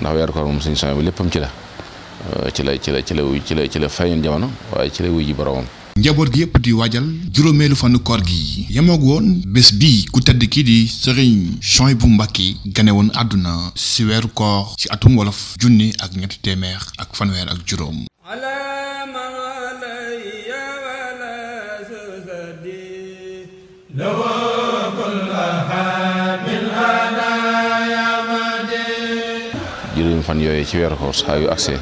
ndax weeru koor moom suñu sooy bi léppam euh, ci la ci la ci la ci la ci la ci la feeñoon jamono waaye ci la wuy ji boroomam njaboot gi yëpp di waajal juróomeelu fanu koor gi yemoog woon bés bii ku tedd kii di sëriñ Souhaïbou Mbacké gane woon àdduna si weeru koor ci atum wolof junni ak ñetti téeméer ak fanweer ak juróom alxuraan ci weeru koor saa yu agsee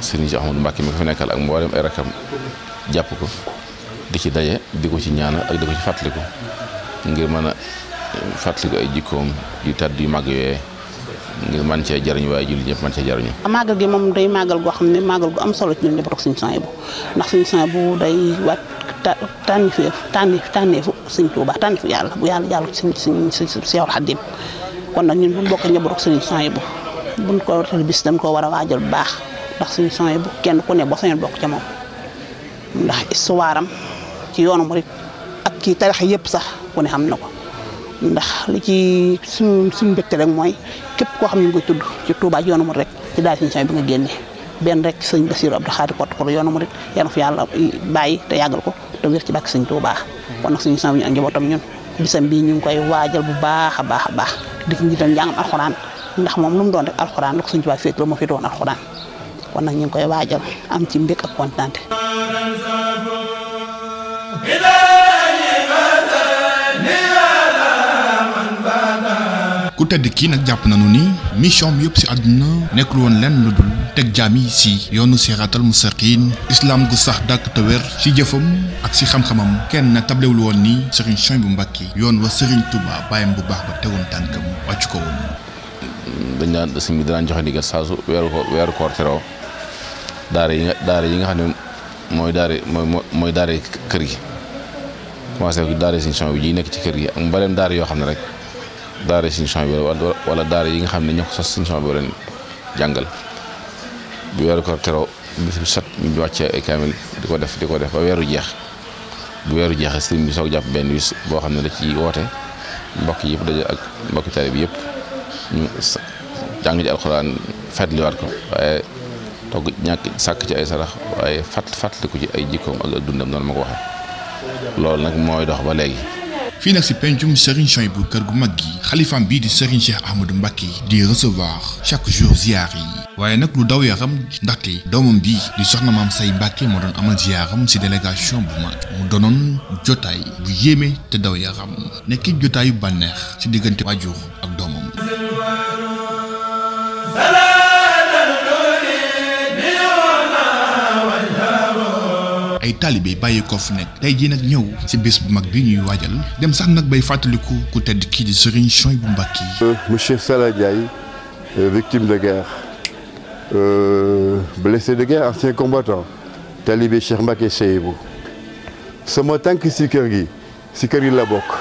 sëriñ si Ahmadou Mbàkke mi ko fi nekkal ak mboolem ay rakam jàpp ko di ci daje di ko ci ñaanal ak di ko ci fàttaliku ngir mën a fàttaliku ay jikkoom yu tàdd yu mag yooye ngir man cee jariñ waaye julli ñëpp man cee jariñu màggal gi moom day màggal goo xam ne màggal gu am solo ci ñun ñëpp rek suñu sang bu ndax suñu sang bu day waat tànnifeef tànnif tànneefu suñ Tuuba tànnefu yàlla bu yàlla jàll ci suñ suñ Seexul Xadiim kon nag ñun bu bokk buñ ko watal bis dañ ko war a waajal bu baax ndax suñu sony bu kenn ku ne ba sañoon bokk ca moom ndax istuwaaram ci yoonu murit ak ci tarix yëpp sax ku ne xam na ko ndax li ci suñ suñ mbégte rek mooy képp koo xam ne ñu ngi tudd ci Touba ci yoonu murit rek ci daal suñu sony bi nga génnee benn rek sëñ Bassirou Abdou Khadre ko yoonu murit yal na fi yàlla te yàggal ko te wér ci bàkk sëñ Touba kon nag suñu sony bi ñu ak njabootam bii ñu ngi koy waajal bu baax a baax a baax di ci jiital njàngam alxuraan ndax moom lu doon rek alxuraan lu ko suñ tubaab féetloo moo fi doon alxuraan kon nag ñu ngi koy waajal am ci mbég ak kontaante ku tedd kii nag jàpp nañu ni mission bi yëpp si àdduna nekkul woon lenn lu dul teg jaam yi si yoonu siraatal mustaqim islaam gu sax dàkk te wér jëfam ak ci xam-xamam kenn nag tablewul woon ni Serigne Souhaibou Mbacké yoon wa Serigne Touba bàyyam bu baax ba tewoon tànkam wàccu ko woon dañ daan sëñ bi danaan joxe ndigal saa su weeru ko weeru koor teroo daara yi nga yi nga xam ne mooy daara mooy mooy daara kër gi commencé ko daara sëñ Suhaybu nekk ci kër gi ak mbooleem daara yoo xam ne rek daara sëñ Suhaybu wala yi nga xam ne ñoo ko sos sëñ Suhaybu leen jàngal bu weeru koor teroo bis bu set ñu di ko def di ko def ba jeex bu weeru jeexee sëriñ bi soog jàpp benn bis boo xam ne da ci woote mbokk yëpp daje ak mbokki taalibe bi yëpp jàng ji alxuraan fàttaliwaat ko waaye togg ñàkk sàkk ci ay sarax waaye fàtt fàttaliku ci ay jikkoom ak ak dundam noonu ma ko waxee loolu nag mooy dox ba léegi. fii nag si pencum Serigne Souhaibou bu kër gu mag gi xalifaam bii di Serigne Cheikh Ahmadou Mbacké di recevoir chaque jour ziar yi waaye nag lu daw yaram ndaxte doomam bii di soxna maam say Mbacké moo doon amal ziaram ci délégation bu ma mu doonoon jotaay bu yéeme te daw yaram nekki jotaayu bànneex ci diggante waajur ak ay taalibe bàyyi ko fu nekk tey jii nag ñëw ci bés bu mag bi ñuy waajal dem sax nag bay fàttaliku ku tedd kii di Serigne bu Mbacké euh, monsieur Sala Ndiaye euh, victime de guerre euh, blessé de guerre ancien combattant taalibe Cheikh Mbacké Souhaïbou sama tànk si kër gi si kër gi la bokk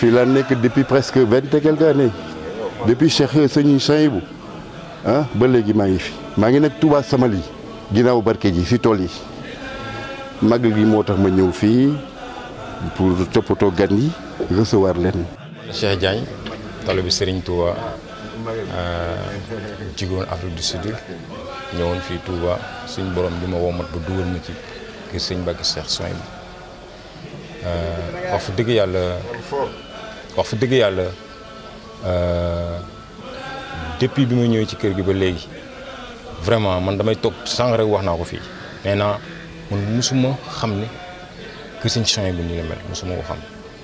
fii laa nekk depuis presque vingt et quelques années depuis Cheikh Serigne Souhaïbou ah ba léegi maa ngi fi maa ngi nag Touba Samali ginnaaw barke ji si tool yi magal gi moo tax ma ñëw fii pour toppatoo gan yi recevoir leen. Cheikh Diagne taalibe Serigne Touba euh, jigoon Afrique du Sud ñëwoon fii Touba suñ borom bi ma womat ba dugal ma ci kër sëñ Mbacke Cheikh Soin euh, wax fa dëgg yàlla wax fa dëgg yàlla euh, depuis bi ma ñëwee ci kër gi ba léegi. vraiment man damay toog sànq rek wax naa ko fii nee naa man musuma xam ne kër sëñ Souhaïbou bu la mel musuma ko xam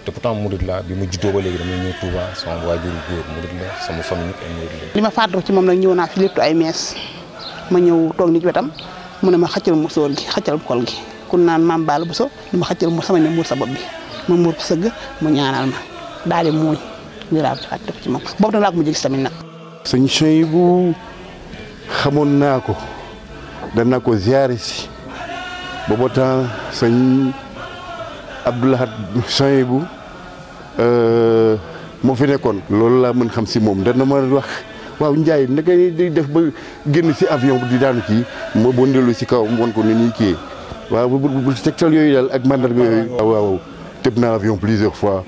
te pourtant murid la ma juddoo ba léegi damay ñëw Touba sama waajur góor murid la sama famille ñëpp moom nag ñëw naa fi lépp ay ma ñëw toog ni ci wetam mu ne ma xëccal musóor gi xëccal kol gi kun naan maam Baal bu so li ma xëccal mu sa bopp bi ma muur ko sëgg mu ñaanal ma daal di muuñ ñu laa fàtte ci moom boobu nag laa ko mujj gis tamit nag. sëñ bu. xamoon naa ko dana ko ziare si booba temps sëñ Abdoulahat Soye euh, moo fi nekkoon. loolu laa mën xam si moom dana ma wax waaw Ndiaye naka di def ba génn si avion di daanu kii moo bondeelu si kawam won ko ni ñuy kii waaw bu bu tegtal yooyu daal ak mandarga yooyu. waaw waaw tëb naa avion plusieurs fois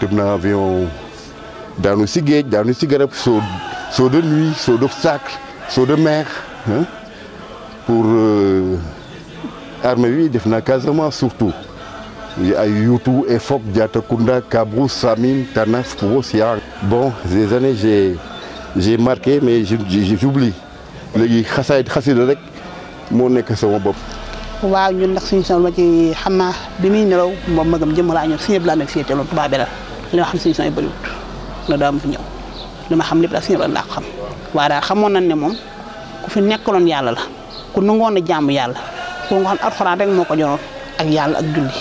tëb naa avion daanu si géej daanu si garab soo soo de nuit soo d'obstacle seau de mer hein, pour euh, armée bi def na Casamance surtout ay Youtou Efop Diatakunda Kabrousse Samine Tanaf Kouros Yaar bon des années j'ai j'ai mais j'oublie léegi xasaayit xasida rek moo nekk sama bopp waaw ñun ndax suñu son ma ci xam naa bi muy nelaw moom magam jëmm laa ñëw suñu blaan nag féete loolu tubaab bi la li ma yi bëriwut la daa ma fi ñëw li ma xam lépp daal suñu blaan laa xam waaye daal xamoon nañ ne moom ku fi nekkaloon yàlla la ku nangoon a jàmb yàlla ku nga xam alxuraan rek moo ko joroon ak yàlla ak julli.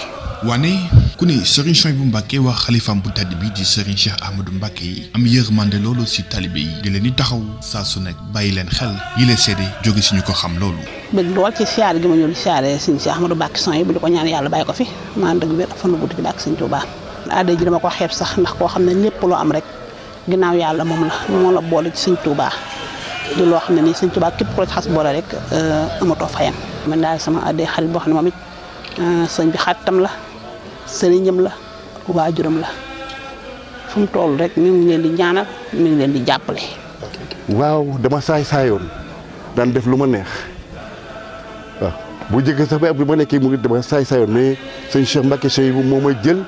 wane ku ne Serigne Souhaibou Mbacké wax xalifaam bu tedd bi di Serigne Cheikh Ahmadou Mbacké am yërmande loolu si talibe di leen di taxaw saa su nekk bàyyi leen xel yi leen seede jóge si ñu ko xam loolu. bëgg lool ci siyaare gi ma ñëw di siyaare Serigne Cheikh Ahmadou Mbacké Souhaibou di ko ñaan yàlla bàyyi ko fi maa dëgg wér fan la gudd ci bàkk Serigne Touba. aada ji dama ko xeeb sax ndax koo xam ne lépp loo am rek. ginnaaw yàlla moom la moo la boole ci sëñ Touba di loo xam ne nii sëñ Touba képp ko ci xas boole rek euh, amatoo fayam. man daal sama addee xarit boo xam ne moom it euh, sëñ bi xàttam la sëriñam la waajuram la fu mu toll rek mi ngi leen di ñaanal mi ngi leen di jàppale. waaw dama saay saayoon daan def lu ma neex waaw bu njëkk sax ba ab bi ma nekkee mu dama saay saayoon mais sëñ Cheikh Mbacke Cheikh moom mooy jël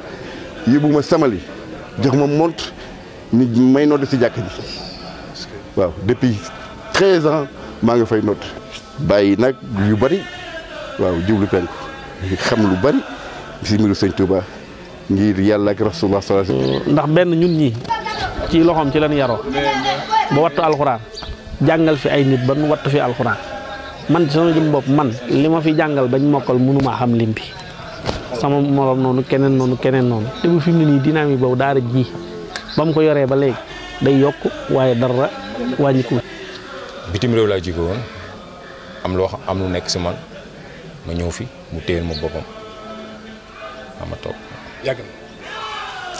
yóbbu ma samali jox ma mont nit ñi may nodd si jàkk ji waaw depuis treize ans maa ngi fay nodd bàyyi nag yu bari waaw jublu penku xam lu bari si mbiru sëñ Touba ngir yàlla ak rasulullah sallallahu alayhi wasallam ndax benn ñun ñi ci loxoom ci lan yaroo ba wattu alxuraan jàngal fi ay nit ba nu wattu fi alxuraan man ci sama jëm bopp man li ma fi jàngal bañ mokkal mënumaa xam lim bi sama morom noonu keneen noonu keneen noonu te bu fi mu ne nii dinaam yi boobu daara ji ba mu ko yoree ba léegi day yokk waaye dara wàññiku bitim réew laa jóge woon am loo xam am lu nekk si man ma ñëw fi mu téyel ma boppam ama toog yàgg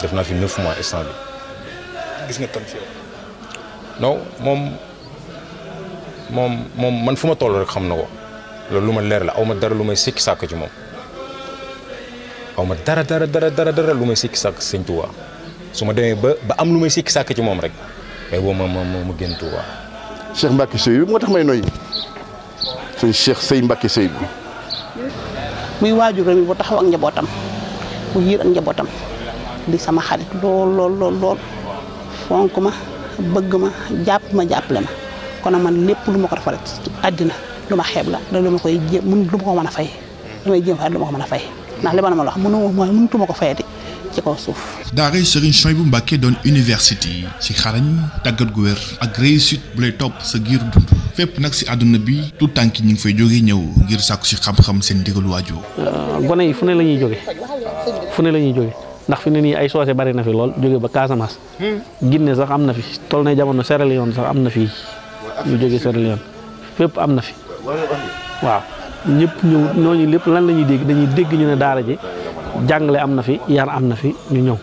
na naa fi neuf mois instant bi gis nga tam si non moom moom moom man fu ma toll rek xam na ko loolu lu ma leer la aw ma dara lu may sikki sàkk ci moom aw ma dara dara dara dara dara lu may sikki sàkk sëñ Tuubaa su ma demee ba ba am lu may sikki sàkk ci moom rek mais boo ma ma ma génn Touba. Cheikh Mbacke Seye bi moo tax may noyyi suñ Cheikh Seye Mbacke Seye bi. muy waajuram bu taxaw njabootam bu yiir ak njabootam di sama xarit lool lool fonk ma bëgg ma jàpp ma jàppale ma kon man lépp lu ma ko fa ci àddina lu ma xeeb la da lu ma koy jéem lu ma ko mën a fay damay jéem fa lu ma ko mën a fay ndax li ma la ma wax mënu ma mënutuma ko fayati ci kaw suuf. daaray Serigne Souhaïbou Mbacké doon université yi ci xarañ tàggat gu wér ak réussite bu lay topp sa giir dund fépp nag si àdduna bi tout tànk ñu ngi fay jógee ñëw ngir sàkku si xam-xam seen ndigalu waajur. Euh, gone yi fu ne la ñuy jóge fu ne la ñuy jóge ndax fi ne nii ay soose bari na fi lool jóge ba Casamance. Hmm. Guinée sax am na fi toll na jamono Sierra Leone sax am na fi ñu jóge Sierra Leone fépp am na fi waaw ñëpp ñëw ñooñu lépp lan la dégg dañuy dégg ñu ne daara ji jàngale am na fi yar am na fi ñu ñëw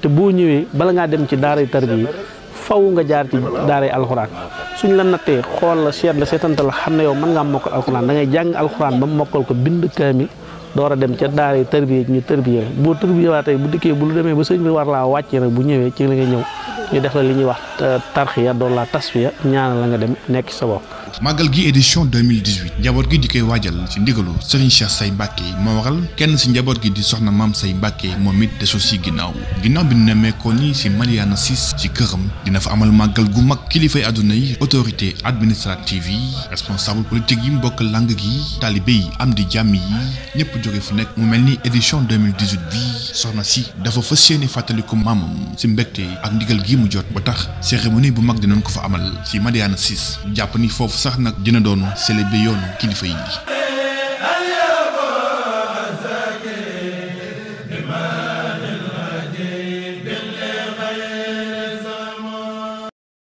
te boo ñëwee bala ngaa dem ci daaray tarbiya faw nga jaar ci daaray alxuraan suñ la nattee xool la seet la seetantal xam ne yow mën ngaa mokkal alxuraan da ngay jàng alxuraan ba mokkal ko bind kaamil door a dem ca daaray tarbiya ñu tarbiya boo tarbiya waa tey bu dikkee bu lu demee ba sëñ bi war laa wàccee nag bu ñëwee ci la nga ñëw ñu def la li ñuy wax tarxiya doon laa tasfiya ñaanal la nga dem nekk sa bopp. màggal gi édition 2018 njaboot gi di koy waajal ci ndigalu Serigne Cheikh Say Mbacke moo waral kenn si njaboot gi di soxna maam Say Mbacke moom it desul si ginnaaw ginnaaw bi nemmeekoo ni si Mariana Sis ci këram dina fa amal màggal gu mag kilifay àdduna yi autorité administrative yi responsable politique yi mu mbokk lang gi taalibe yi am di jàmm yi ñëpp jóge fu nekk mu mel ni édition 2018 bi soxna si dafa fas yéene fàttaliku maamam si mbégte ak ndigal mu jot ba tax. cérémonie bu mag di dinañ ko fa amal ci Madiana 6 jàpp ni foofu sax nag dina doon célébré yoonu kilifa yi.